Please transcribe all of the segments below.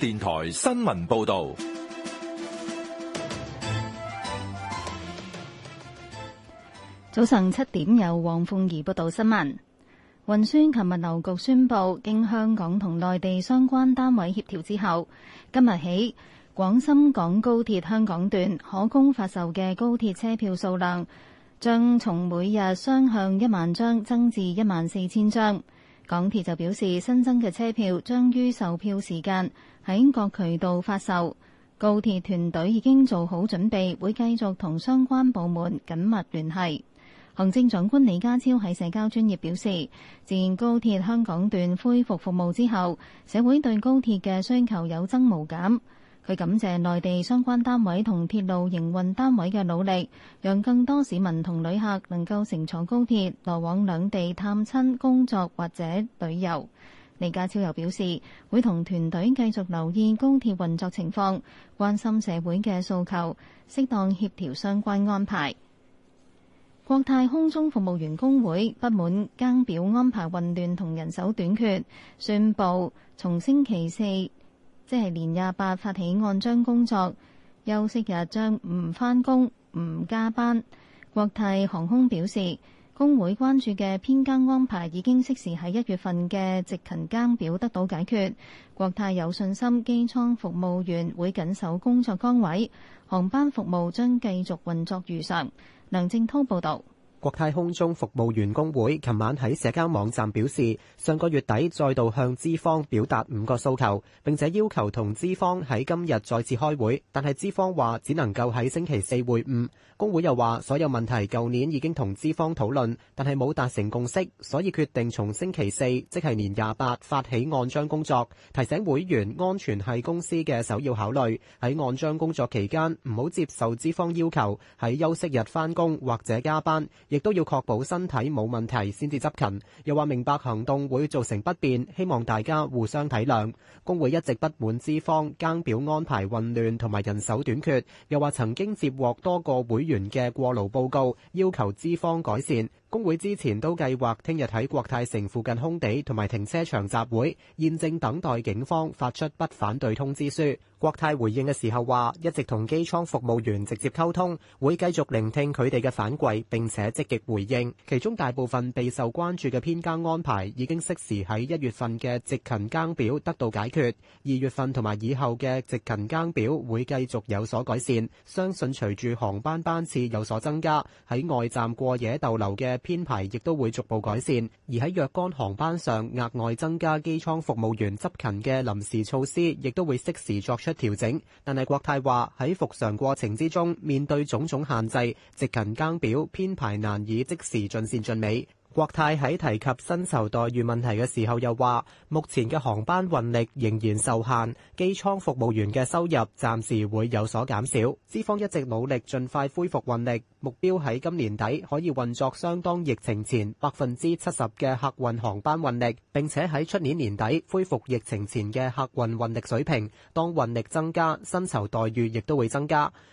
電台新聞報道，早上七點有黃鳳儀報道新聞。運輸及物流局宣布，經香港同內地相關單位協調之後，今日起廣深港高鐵香港段可供發售嘅高鐵車票數量將從每日雙向一萬張增至一萬四千張。港鐵就表示，新增嘅車票將於售票時間。喺各渠道發售，高鐵團隊已經做好準備，會繼續同相關部門緊密聯繫。行政長官李家超喺社交專頁表示，自高鐵香港段恢復服務之後，社會對高鐵嘅需求有增無減。佢感謝內地相關單位同鐵路營運單位嘅努力，讓更多市民同旅客能夠乘坐高鐵來往兩地探親、工作或者旅遊。李家超又表示，會同團隊繼續留意高鐵運作情況，關心社會嘅訴求，適當協調相關安排。國泰空中服務員工會不滿更表安排混亂同人手短缺，宣布從星期四，即係年廿八發起按章工作，休息日將唔翻工唔加班。國泰航空表示。工會關注嘅偏更安排已經適時喺一月份嘅值勤更表得到解決。國泰有信心機艙服務員會緊守工作崗位，航班服務將繼續運作如常。梁正滔報導。國泰空中服務員工會琴晚喺社交網站表示，上個月底再度向資方表達五個訴求，並且要求同資方喺今日再次開會。但係資方話只能夠喺星期四會晤。工會又話所有問題舊年已經同資方討論，但係冇達成共識，所以決定從星期四，即係年廿八發起按章工作。提醒會員安全係公司嘅首要考慮。喺按章工作期間，唔好接受資方要求喺休息日返工或者加班。亦都要確保身體冇問題先至執勤，又話明白行動會造成不便，希望大家互相體諒。工會一直不滿資方更表安排混亂同埋人手短缺，又話曾經接獲多個會員嘅過勞報告，要求資方改善。工會之前都計劃聽日喺國泰城附近空地同埋停車場集會，現正等待警方發出不反對通知書。國泰回應嘅時候話：一直同機艙服務員直接溝通，會繼續聆聽佢哋嘅反饋並且積極回應。其中大部分備受關注嘅偏更安排已經適時喺一月份嘅直勤更表得到解決，二月份同埋以後嘅直勤更表會繼續有所改善。相信隨住航班班次有所增加，喺外站過夜逗留嘅編排亦都會逐步改善，而喺若干航班上額外增加機艙服務員執勤嘅臨時措施，亦都會適時作出調整。但係國泰話喺復常過程之中，面對種種限制，執勤更表編排難以即時盡善盡美。國泰喺提及薪酬待遇問題嘅時候，又話：目前嘅航班運力仍然受限，機艙服務員嘅收入暫時會有所減少。資方一直努力盡快恢復運力，目標喺今年底可以運作相當疫情前百分之七十嘅客運航班運力，並且喺出年年底恢復疫情前嘅客運運力水平。當運力增加，薪酬待遇亦都會增加。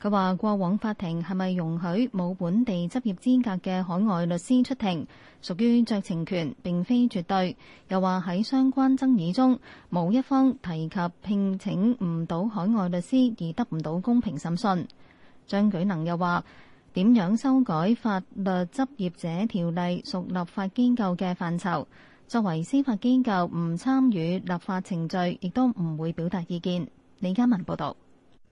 佢話：過往法庭係咪容許冇本地執業資格嘅海外律師出庭，屬於酌情權，並非絕對。又話喺相關爭議中，冇一方提及聘請唔到海外律師而得唔到公平審訊。張舉能又話：點樣修改法律執業者條例，屬立法機構嘅範疇。作為司法機構，唔參與立法程序，亦都唔會表達意見。李家文報道。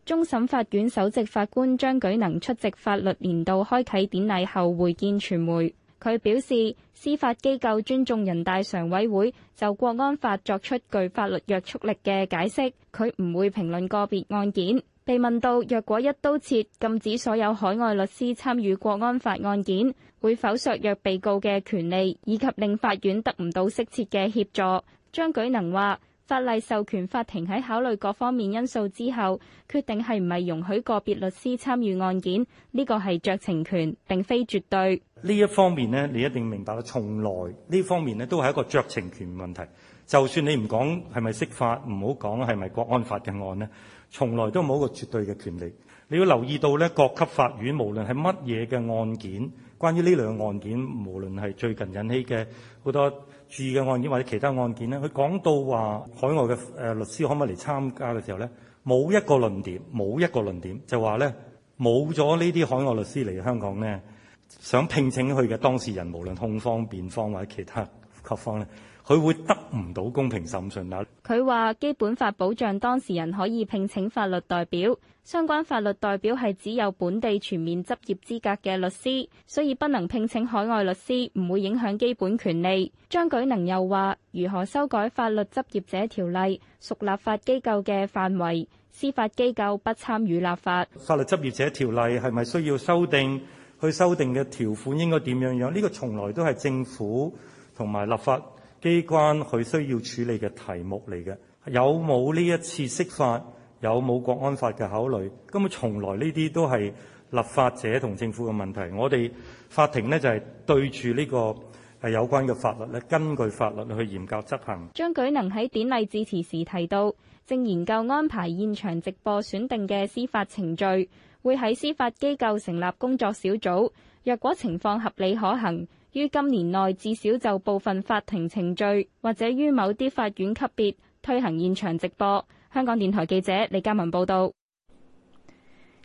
終審法院首席法官張舉能出席法律年度開啓典禮後會見傳媒，佢表示司法機構尊重人大常委會就國安法作出具法律約束力嘅解釋，佢唔會評論個別案件。被問到若果一刀切禁止所有海外律師參與國安法案件，會否削弱被告嘅權利以及令法院得唔到適切嘅協助，張舉能話。法例授權法庭喺考慮各方面因素之後，決定係唔係容許個別律師參與案件，呢、這個係酌情權，並非絕對。呢一方面咧，你一定明白啦，從來呢方面咧都係一個酌情權問題。就算你唔講係咪釋法，唔好講係咪國安法嘅案咧，從來都冇一個絕對嘅權利。你要留意到呢，各級法院無論係乜嘢嘅案件，關於呢兩個案件，無論係最近引起嘅好多。注意嘅案件或者其他案件咧，佢講到話海外嘅誒、呃、律師可唔可以嚟參加嘅時候咧，冇一個論點，冇一個論點就話咧，冇咗呢啲海外律師嚟香港咧，想聘請佢嘅當事人，無論控方、辯方或者其他級方咧，佢會得唔到公平審訊啦。佢話基本法保障當事人可以聘請法律代表，相關法律代表係只有本地全面執業資格嘅律師，所以不能聘請海外律師，唔會影響基本權利。張舉能又話：如何修改法律執業者條例？屬立法機構嘅範圍，司法機構不參與立法。法律執業者條例係咪需要修訂？去修訂嘅條款應該點樣樣？呢個從來都係政府同埋立法。機關佢需要處理嘅題目嚟嘅，有冇呢一次釋法，有冇國安法嘅考慮？根本從來呢啲都係立法者同政府嘅問題。我哋法庭呢就係、是、對住呢個係有關嘅法律咧，根據法律去嚴格執行。張舉能喺典禮致辭時提到，正研究安排現場直播選定嘅司法程序，會喺司法機構成立工作小組，若果情況合理可行。於今年內至少就部分法庭程序，或者於某啲法院級別推行現場直播。香港電台記者李嘉文報道。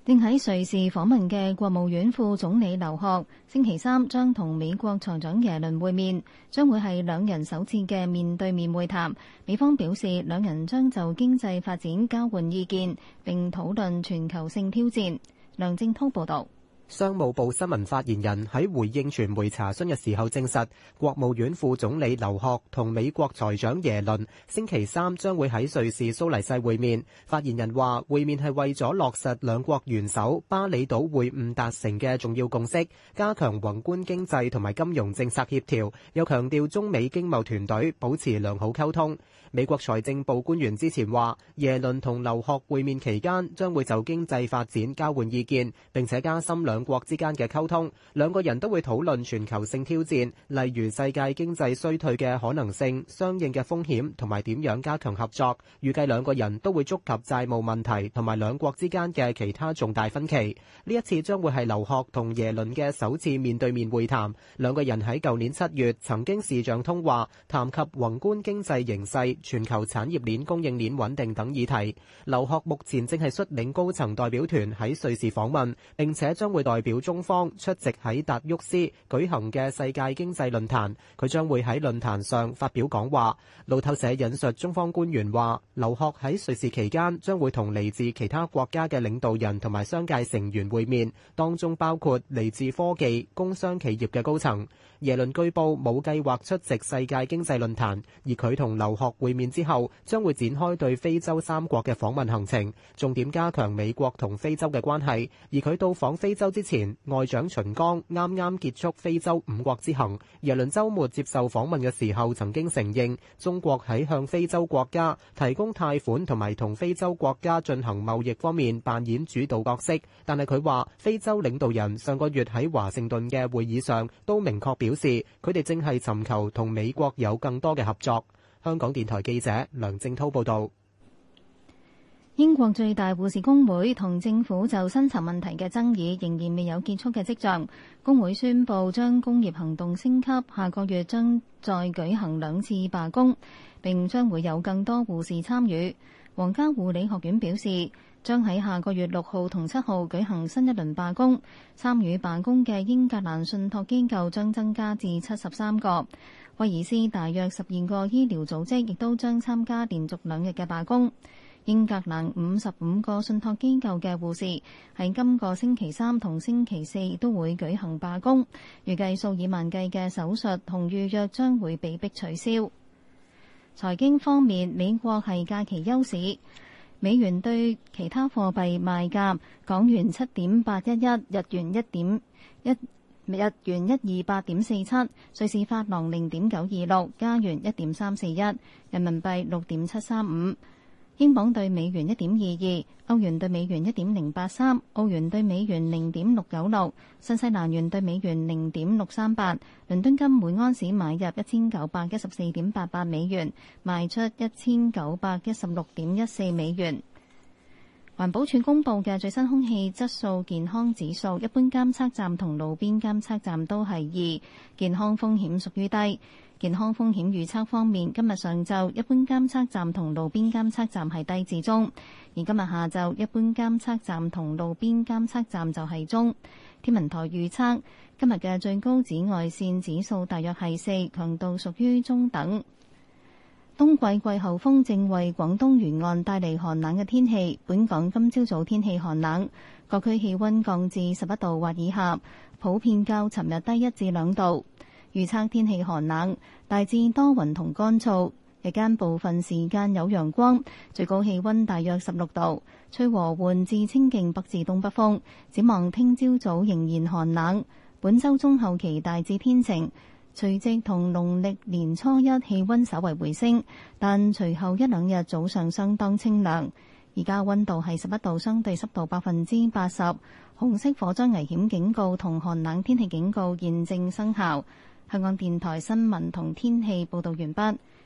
正喺瑞士訪問嘅國務院副總理劉鶴，星期三將同美國財長耶倫會面，將會係兩人首次嘅面對面會談。美方表示，兩人將就經濟發展交換意見，並討論全球性挑戰。梁正滔報道。商務部新聞發言人喺回應傳媒查詢嘅時候證實，國務院副總理劉鶴同美國財長耶倫星期三將會喺瑞士蘇黎世會面。發言人話，會面係為咗落實兩國元首巴厘島會晤達成嘅重要共識，加強宏觀經濟同埋金融政策協調，又強調中美經貿團隊保持良好溝通。美國財政部官員之前話，耶倫同劉鶴會面期間將會就經濟發展交換意見，並且加深兩國之間嘅溝通。兩個人都會討論全球性挑戰，例如世界經濟衰退嘅可能性、相應嘅風險同埋點樣加強合作。預計兩個人都會觸及債務問題同埋兩國之間嘅其他重大分歧。呢一次將會係劉鶴同耶倫嘅首次面對面會談。兩個人喺舊年七月曾經視像通話，談及宏觀經濟形勢。全球產業鏈供應鏈穩定等議題，劉鶴目前正係率領高層代表團喺瑞士訪問，並且將會代表中方出席喺達沃斯舉行嘅世界經濟論壇，佢將會喺論壇上發表講話，路透社引述中方官員話劉鶴喺瑞士期間將會同嚟自其他國家嘅領導人同埋商界成員會面，當中包括嚟自科技、工商企業嘅高層。耶倫據報冇計劃出席世界經濟論壇，而佢同劉鶴會面之後，將會展開對非洲三國嘅訪問行程，重點加強美國同非洲嘅關係。而佢到訪非洲之前，外長秦剛啱啱結束非洲五國之行。耶倫週末接受訪問嘅時候，曾經承認中國喺向非洲國家提供貸款同埋同非洲國家進行貿易方面扮演主導角色，但係佢話非洲領導人上個月喺華盛頓嘅會議上都明確表表示佢哋正係尋求同美國有更多嘅合作。香港電台記者梁正濤報道，英國最大護士工會同政府就薪酬問題嘅爭議仍然未有結束嘅跡象。工會宣布將工業行動升級，下個月將再舉行兩次罷工，並將會有更多護士參與。皇家護理學院表示。將喺下個月六號同七號舉行新一輪罷工，參與罷工嘅英格蘭信託機構將增加至七十三個。威爾斯大約十二個醫療組織亦都將參加連續兩日嘅罷工。英格蘭五十五個信託機構嘅護士喺今個星期三同星期四都會舉行罷工，預計數以萬計嘅手術同預約將會被迫取消。財經方面，美國係假期休市。美元對其他貨幣賣價：港元七點八一一，日元一點一，1, 日元一二八點四七，瑞士法郎零點九二六，加元一點三四一，人民幣六點七三五。英鎊兌美元一點二二，歐元兌美元一點零八三，澳元兌美元零點六九六，新西蘭元兌美元零點六三八。倫敦金每安士買入一千九百一十四點八八美元，賣出一千九百一十六點一四美元。環保署公布嘅最新空氣質素健康指數，一般監測站同路邊監測站都係二，健康風險屬於低。健康風險預測方面，今日上晝一般監測站同路邊監測站係低至中，而今日下晝一般監測站同路邊監測站就係中。天文台預測，今日嘅最高紫外線指數大約係四，強度屬於中等。冬季季候風正為廣東沿岸帶嚟寒冷嘅天氣，本港今朝早，早天氣寒冷，各區氣溫降至十一度或以下，普遍較尋日低一至兩度。預測天氣寒冷，大致多雲同乾燥，日間部分時間有陽光，最高氣溫大約十六度，吹和緩至清勁北至東北風。展望聽朝早，早仍然寒冷，本周中後期大致天晴。除夕同農曆年初一氣溫稍為回升，但隨後一兩日早上相當清涼，而家溫度係十一度，相對濕度百分之八十。紅色火災危險警告同寒冷天氣警告現正生效。香港電台新聞同天氣報道完畢。